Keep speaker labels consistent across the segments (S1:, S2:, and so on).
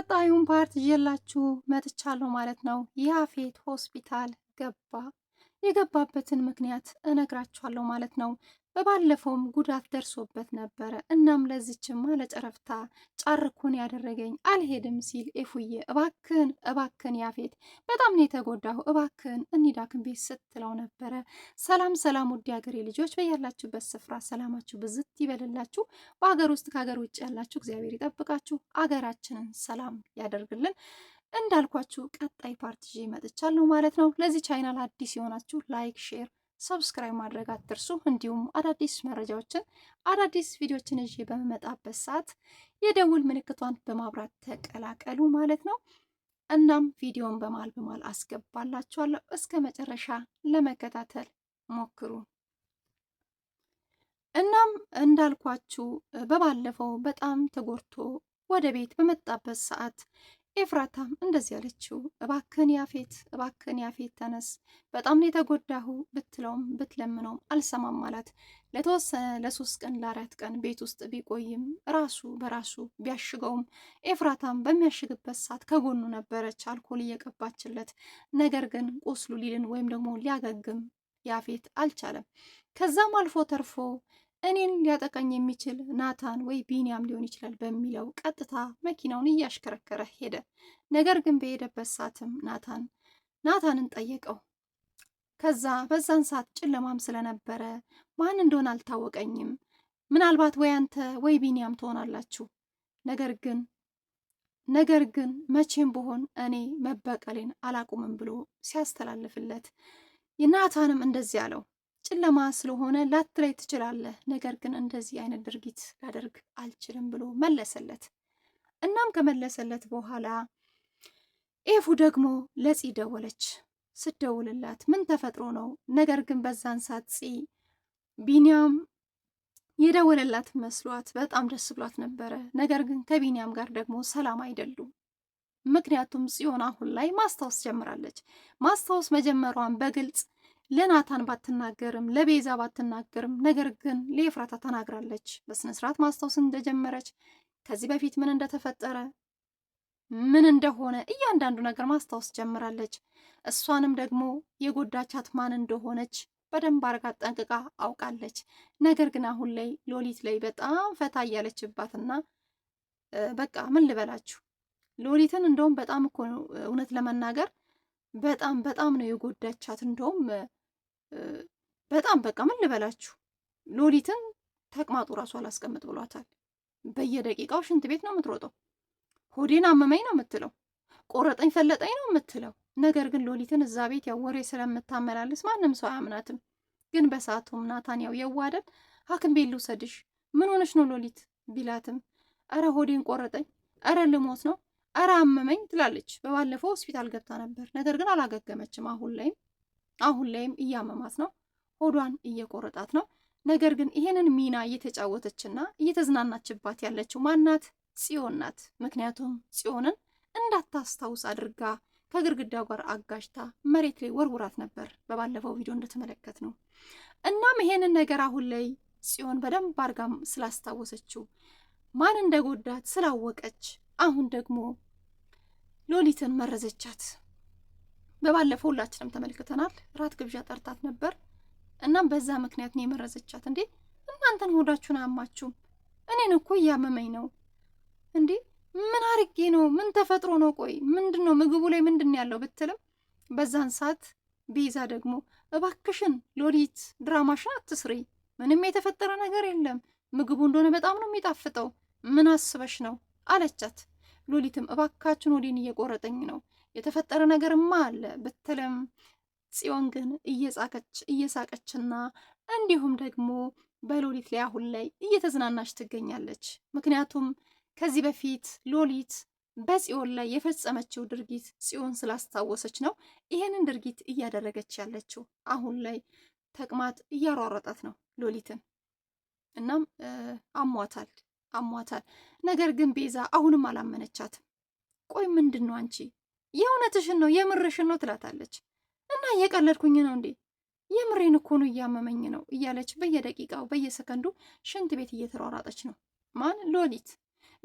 S1: ቀጣዩን ፓርት ይዤላችሁ መጥቻለሁ ማለት ነው። ያፌት ሆስፒታል ገባ የገባበትን ምክንያት እነግራችኋለሁ ማለት ነው። በባለፈውም ጉዳት ደርሶበት ነበረ። እናም ለዚችማ ለጨረፍታ ጫርኩን ያደረገኝ አልሄድም ሲል ኤፉዬ እባክን እባክን ያፌት በጣም ነው የተጎዳሁ፣ እባክን እኒዳክን ቤት ስትለው ነበረ። ሰላም ሰላም፣ ውድ ሀገሬ ልጆች በያላችሁበት ስፍራ ሰላማችሁ ብዝት ይበልላችሁ። በሀገር ውስጥ ከሀገር ውጭ ያላችሁ እግዚአብሔር ይጠብቃችሁ፣ አገራችንን ሰላም ያደርግልን። እንዳልኳችሁ ቀጣይ ፓርት ይዤ መጥቻለሁ ማለት ነው። ለዚህ ቻናል አዲስ የሆናችሁ ላይክ፣ ሼር፣ ሰብስክራይብ ማድረግ አትርሱ። እንዲሁም አዳዲስ መረጃዎችን አዳዲስ ቪዲዮችን ይዤ በመመጣበት ሰዓት የደውል ምልክቷን በማብራት ተቀላቀሉ ማለት ነው። እናም ቪዲዮን በማል በማል አስገባላችኋለሁ እስከ መጨረሻ ለመከታተል ሞክሩ። እናም እንዳልኳችሁ በባለፈው በጣም ተጎድቶ ወደ ቤት በመጣበት ሰዓት ኤፍራታም እንደዚህ አለችው፣ እባክን ያፌት፣ እባክህን ያፌት እባክህን ያፌት ተነስ፣ በጣም ነው የተጎዳሁ ብትለውም ብትለምነውም አልሰማም አላት። ለተወሰነ ለሶስት ቀን ለአራት ቀን ቤት ውስጥ ቢቆይም ራሱ በራሱ ቢያሽገውም ኤፍራታም በሚያሽግበት ሰዓት ከጎኑ ነበረች አልኮል እየቀባችለት። ነገር ግን ቁስሉ ሊድን ወይም ደግሞ ሊያገግም ያፌት አልቻለም። ከዛም አልፎ ተርፎ እኔን ሊያጠቃኝ የሚችል ናታን ወይ ቢኒያም ሊሆን ይችላል በሚለው ቀጥታ መኪናውን እያሽከረከረ ሄደ። ነገር ግን በሄደበት ሰዓትም ናታን ናታንን ጠየቀው። ከዛ በዛን ሰዓት ጨለማም ስለነበረ ማን እንደሆነ አልታወቀኝም። ምናልባት ወይ አንተ ወይ ቢኒያም ትሆናላችሁ። ነገር ግን ነገር ግን መቼም ብሆን እኔ መበቀሌን አላቁምም ብሎ ሲያስተላልፍለት ናታንም እንደዚህ አለው ጨለማ ስለሆነ ላትለይ ትችላለህ፣ ነገር ግን እንደዚህ አይነት ድርጊት ላደርግ አልችልም ብሎ መለሰለት። እናም ከመለሰለት በኋላ ኤፉ ደግሞ ለፂ ደወለች። ስደውልላት ምን ተፈጥሮ ነው? ነገር ግን በዛን ሰዓት ፂ ቢኒያም የደወለላት መስሏት በጣም ደስ ብሏት ነበረ። ነገር ግን ከቢኒያም ጋር ደግሞ ሰላም አይደሉም። ምክንያቱም ጽዮን አሁን ላይ ማስታወስ ጀምራለች። ማስታወስ መጀመሯን በግልጽ ለናታን ባትናገርም ለቤዛ ባትናገርም ነገር ግን ለኤፍራታ ተናግራለች። በስነስርዓት ማስታወስ እንደጀመረች ከዚህ በፊት ምን እንደተፈጠረ ምን እንደሆነ እያንዳንዱ ነገር ማስታወስ ጀምራለች። እሷንም ደግሞ የጎዳቻት ማን እንደሆነች በደንብ አርጋ ጠንቅቃ አውቃለች። ነገር ግን አሁን ላይ ሎሊት ላይ በጣም ፈታ እያለችባትና በቃ ምን ልበላችሁ ሎሊትን እንደውም በጣም እኮ እውነት ለመናገር በጣም በጣም ነው የጎዳቻት እንደውም በጣም በቃ ምን ልበላችሁ ሎሊትን ተቅማጡ ራሱ አላስቀምጥ ብሏታል። በየደቂቃው ሽንት ቤት ነው የምትሮጠው። ሆዴን አመመኝ ነው የምትለው። ቆረጠኝ ፈለጠኝ ነው የምትለው። ነገር ግን ሎሊትን እዛ ቤት ያው ወሬ ስለምታመላልስ ማንም ሰው አያምናትም። ግን በሰዓቱም ናታን ያው የዋደን ሐኪም ቤት ልውሰድሽ፣ ምን ሆነሽ ነው ሎሊት ቢላትም ኧረ ሆዴን ቆረጠኝ፣ ኧረ ልሞት ነው፣ እረ አመመኝ ትላለች። በባለፈው ሆስፒታል ገብታ ነበር፣ ነገር ግን አላገገመችም። አሁን ላይም አሁን ላይም እያመማት ነው፣ ሆዷን እየቆረጣት ነው። ነገር ግን ይሄንን ሚና እየተጫወተችና እየተዝናናችባት ያለችው ማናት? ጽዮን ናት። ምክንያቱም ጽዮንን እንዳታስታውስ አድርጋ ከግድግዳ ጋር አጋጅታ መሬት ላይ ወርውራት ነበር፣ በባለፈው ቪዲዮ እንደተመለከት ነው። እናም ይሄንን ነገር አሁን ላይ ጽዮን በደንብ አርጋም ስላስታወሰችው ማን እንደጎዳት ስላወቀች አሁን ደግሞ ሎሊትን መረዘቻት። በባለፈው ሁላችንም ተመልክተናል። ራት ግብዣ ጠርታት ነበር። እናም በዛ ምክንያት ነው የመረዘቻት። እንዴ እናንተን ሆዳችሁን አማችሁም እኔን እኮ እያመመኝ ነው። እንዴ ምን አርጌ ነው? ምን ተፈጥሮ ነው? ቆይ ምንድን ነው ምግቡ ላይ ምንድን ያለው ብትልም በዛን ሰዓት ቤዛ ደግሞ እባክሽን ሎሊት ድራማሽን አትስሪ፣ ምንም የተፈጠረ ነገር የለም። ምግቡ እንደሆነ በጣም ነው የሚጣፍጠው። ምን አስበሽ ነው አለቻት። ሎሊትም እባካችን ወዴን እየቆረጠኝ ነው የተፈጠረ ነገርማ አለ ብትልም ጽዮን ግን እየጻቀች እየሳቀችና እንዲሁም ደግሞ በሎሊት ላይ አሁን ላይ እየተዝናናች ትገኛለች። ምክንያቱም ከዚህ በፊት ሎሊት በጽዮን ላይ የፈጸመችው ድርጊት ጽዮን ስላስታወሰች ነው ይሄንን ድርጊት እያደረገች ያለችው። አሁን ላይ ተቅማጥ እያሯረጣት ነው ሎሊትን። እናም አሟታል አሟታል። ነገር ግን ቤዛ አሁንም አላመነቻትም። ቆይ ምንድን ነው አንቺ የእውነትሽን ነው የምርሽን ነው ትላታለች። እና እየቀለድኩኝ ነው እንዴ የምሬን እኮ ነው እያመመኝ ነው እያለች በየደቂቃው በየሰከንዱ ሽንት ቤት እየተሯሯጠች ነው። ማን ሎሊት።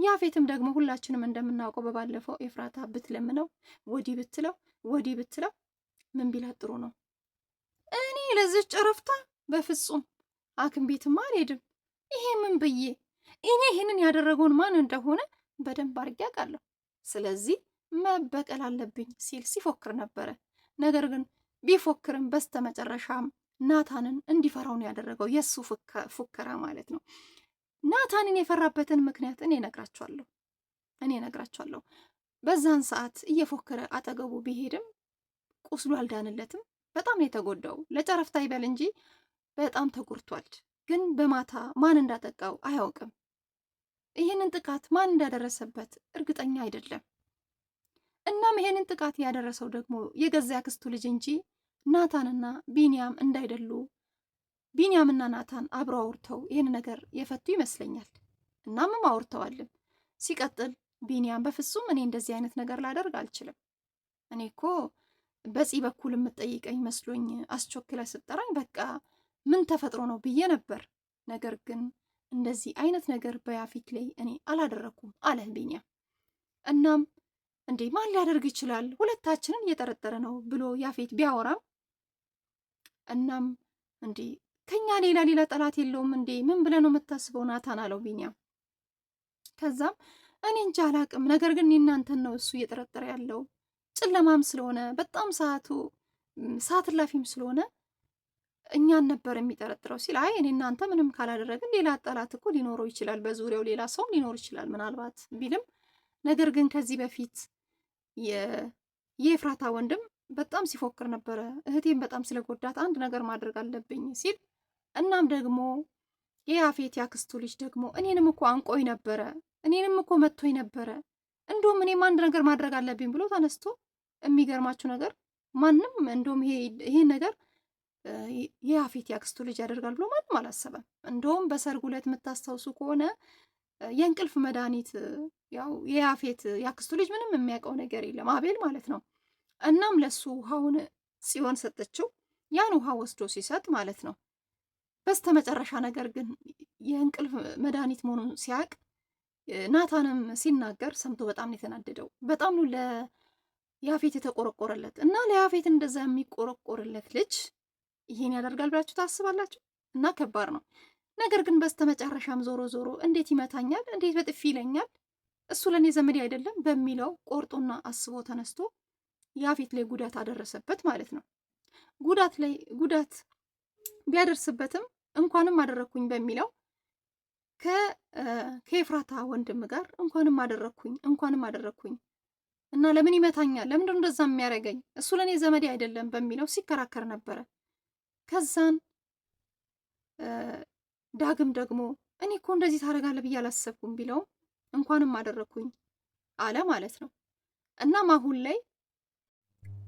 S1: ያፌትም ደግሞ ሁላችንም እንደምናውቀው በባለፈው ኤፍራታ ብትለምነው ወዲህ ብትለው ወዲህ ብትለው ምን ቢላት ጥሩ ነው? እኔ ለዚች ጨረፍታ በፍጹም አክም ቤትማ አልሄድም። ይሄ ምን ብዬ እኔ ይህንን ያደረገውን ማን እንደሆነ በደንብ አድርጌ አውቃለሁ። ስለዚህ መበቀል አለብኝ ሲል ሲፎክር ነበረ። ነገር ግን ቢፎክርም በስተመጨረሻም ናታንን እንዲፈራው ነው ያደረገው የእሱ ፉከራ ማለት ነው። ናታንን የፈራበትን ምክንያት እኔ እነግራቸዋለሁ እኔ እነግራቸዋለሁ። በዛን ሰዓት እየፎከረ አጠገቡ ቢሄድም ቁስሉ አልዳንለትም። በጣም ነው የተጎዳው። ለጨረፍታ ይበል እንጂ በጣም ተጎድቷል። ግን በማታ ማን እንዳጠቃው አያውቅም። ይህንን ጥቃት ማን እንዳደረሰበት እርግጠኛ አይደለም። እናም ይሄንን ጥቃት ያደረሰው ደግሞ የገዛ ያክስቱ ልጅ እንጂ ናታንና ቢንያም እንዳይደሉ ቢንያምና ናታን አብረው አውርተው ይህን ነገር የፈቱ ይመስለኛል። እናምም አውርተዋልም። ሲቀጥል ቢንያም በፍጹም እኔ እንደዚህ አይነት ነገር ላደርግ አልችልም፣ እኔ እኮ በፂ በኩል የምጠይቀኝ መስሎኝ አስቾክለ ስጠራኝ በቃ ምን ተፈጥሮ ነው ብዬ ነበር። ነገር ግን እንደዚህ አይነት ነገር በያፊት ላይ እኔ አላደረኩም አለ ቢንያም። እናም እንዴ ማን ሊያደርግ ይችላል? ሁለታችንን እየጠረጠረ ነው ብሎ ያፌት ቢያወራም እናም እንዴ ከኛ ሌላ ሌላ ጠላት የለውም እንዴ ምን ብለህ ነው የምታስበው ናታን አለው ቢኒያም። ከዛም እኔ እንጃ አላቅም፣ ነገር ግን እናንተን ነው እሱ እየጠረጠረ ያለው ጨለማም ስለሆነ በጣም ሰዓቱ ሰዓት እላፊም ስለሆነ እኛን ነበር የሚጠረጥረው ሲል አይ እኔ እናንተ ምንም ካላደረግን ሌላ ጠላት እኮ ሊኖረው ይችላል፣ በዙሪያው ሌላ ሰውም ሊኖር ይችላል ምናልባት ቢልም ነገር ግን ከዚህ በፊት የኤፍራታ ወንድም በጣም ሲፎክር ነበረ። እህቴን በጣም ስለጎዳት አንድ ነገር ማድረግ አለብኝ ሲል እናም ደግሞ የያፌት ያክስቱ ልጅ ደግሞ እኔንም እኮ አንቆይ ነበረ፣ እኔንም እኮ መጥቶኝ ነበረ፣ እንዲሁም እኔም አንድ ነገር ማድረግ አለብኝ ብሎ ተነስቶ የሚገርማችሁ ነገር ማንም እንዲሁም ይሄን ነገር የያፌት ያክስቱ ልጅ ያደርጋል ብሎ ማንም አላሰበም። እንዲሁም በሰርጉ ዕለት የምታስታውሱ ከሆነ የእንቅልፍ መድኃኒት ያው የያፌት ያክስቱ ልጅ ምንም የሚያውቀው ነገር የለም አቤል ማለት ነው። እናም ለሱ ውሃውን ጽዮን ሰጠችው። ያን ውሃ ወስዶ ሲሰጥ ማለት ነው በስተ መጨረሻ ነገር ግን የእንቅልፍ መድኃኒት መሆኑን ሲያውቅ ናታንም ሲናገር ሰምቶ በጣም ነው የተናደደው። በጣም ነው ለያፌት የተቆረቆረለት እና ለያፌት እንደዛ የሚቆረቆርለት ልጅ ይሄን ያደርጋል ብላችሁ ታስባላችሁ? እና ከባድ ነው። ነገር ግን በስተመጨረሻም ዞሮ ዞሮ እንዴት ይመታኛል፣ እንዴት በጥፊ ይለኛል፣ እሱ ለእኔ ዘመዴ አይደለም በሚለው ቆርጦና አስቦ ተነስቶ ያፌት ላይ ጉዳት አደረሰበት ማለት ነው። ጉዳት ላይ ጉዳት ቢያደርስበትም እንኳንም አደረግኩኝ በሚለው ከኤፍራታ ወንድም ጋር እንኳንም አደረግኩኝ እንኳንም አደረግኩኝ እና ለምን ይመታኛል? ለምንድነው እንደዛ የሚያደርገኝ? እሱ ለእኔ ዘመዴ አይደለም በሚለው ሲከራከር ነበረ። ከዛን ዳግም ደግሞ እኔ እኮ እንደዚህ ታደርጋለህ ብዬ አላሰብኩም ቢለውም እንኳንም አደረግኩኝ አለ ማለት ነው። እናም አሁን ላይ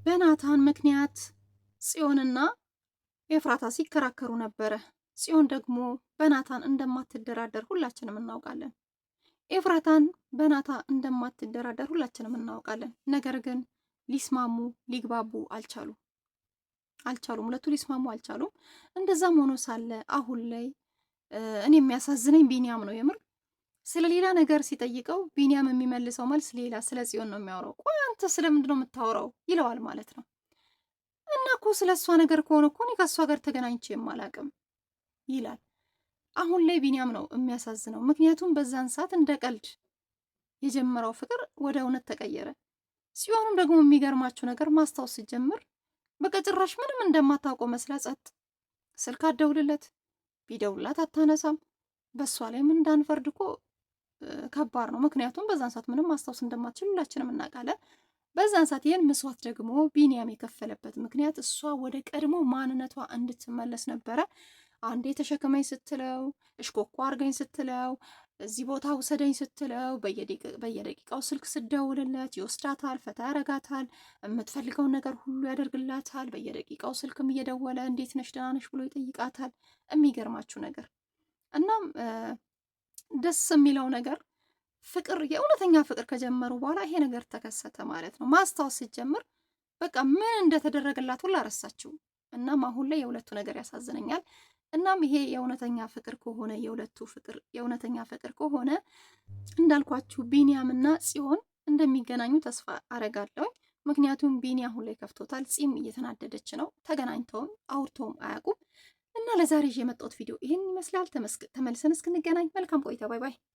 S1: በናታን ምክንያት ጽዮንና ኤፍራታ ሲከራከሩ ነበረ። ጽዮን ደግሞ በናታን እንደማትደራደር ሁላችንም እናውቃለን። ኤፍራታን በናታ እንደማትደራደር ሁላችንም እናውቃለን። ነገር ግን ሊስማሙ ሊግባቡ አልቻሉ አልቻሉም ሁለቱ ሊስማሙ አልቻሉም። እንደዛም ሆኖ ሳለ አሁን ላይ እኔ የሚያሳዝነኝ ቢኒያም ነው የምር። ስለ ሌላ ነገር ሲጠይቀው ቢኒያም የሚመልሰው መልስ ሌላ፣ ስለ ጽዮን ነው የሚያወራው። ቆይ አንተ ስለምንድን ነው የምታወራው ይለዋል ማለት ነው። እና እኮ ስለ እሷ ነገር ከሆነ እኮ እኔ ከእሷ ጋር ተገናኝቼ የማላቅም ይላል። አሁን ላይ ቢኒያም ነው የሚያሳዝነው፣ ምክንያቱም በዛን ሰዓት እንደ ቀልድ የጀመረው ፍቅር ወደ እውነት ተቀየረ። ሲሆኑም ደግሞ የሚገርማችሁ ነገር ማስታወስ ሲጀምር በቃ ጭራሽ ምንም እንደማታውቀው መስላ ጸጥ ስልክ አደውልለት ቢደውላት አታነሳም። በእሷ ላይም እንዳንፈርድ እኮ ከባድ ነው። ምክንያቱም በዛን ሰዓት ምንም ማስታወስ እንደማትችል ሁላችንም እናውቃለን። በዛን ሰዓት ይህን ምስዋት ደግሞ ቢኒያም የከፈለበት ምክንያት እሷ ወደ ቀድሞ ማንነቷ እንድትመለስ ነበረ። አንዴ ተሸክመኝ ስትለው፣ እሽኮኮ አርገኝ ስትለው እዚህ ቦታ ውሰደኝ ስትለው በየደቂቃው ስልክ ስደውልለት ይወስዳታል፣ ፈታ ያረጋታል፣ የምትፈልገውን ነገር ሁሉ ያደርግላታል። በየደቂቃው ስልክም እየደወለ እንዴት ነሽ ደህና ነሽ ብሎ ይጠይቃታል። የሚገርማችሁ ነገር እናም ደስ የሚለው ነገር ፍቅር የእውነተኛ ፍቅር ከጀመሩ በኋላ ይሄ ነገር ተከሰተ ማለት ነው። ማስታወስ ሲጀምር በቃ ምን እንደተደረገላት ሁላ አረሳችው እናም አሁን ላይ የሁለቱ ነገር ያሳዝነኛል። እናም ይሄ የእውነተኛ ፍቅር ከሆነ የሁለቱ ፍቅር የእውነተኛ ፍቅር ከሆነ እንዳልኳችሁ እና ጽዮን እንደሚገናኙ ተስፋ አረጋለሁ። ምክንያቱም ቢኒ አሁን ላይ ከፍቶታል፣ ጺም እየተናደደች ነው። ተገናኝተውም አውርተውም አያውቁም እና ለዛሬ የመጣሁት ቪዲዮ ይህን ይመስላል። ተመልሰን እስክንገናኝ መልካም ቆይታ። ባይ ባይ።